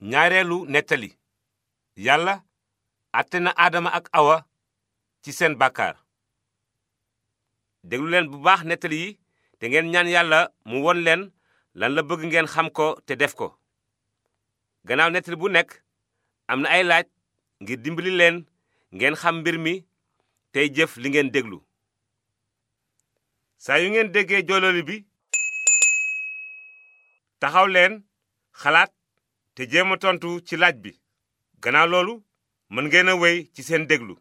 ñaareelu nettali yàlla àtte na aadama ak awa ci seen bakkaar déglu leen bu baax nettali yi te ngeen ñaan yàlla mu won leen lan la bëgg ngeen xam ko te def ko gannaaw nettali bu nekk am na ay laaj ngir dimbali leen ngeen xam mbir mi tey jëf li ngeen déglu saa yu ngeen déggee jololi bi taxaw leen xalaat te jéem a tontu ci laaj bi gannaaw loolu mën ngeen a wéy ci seen déglu.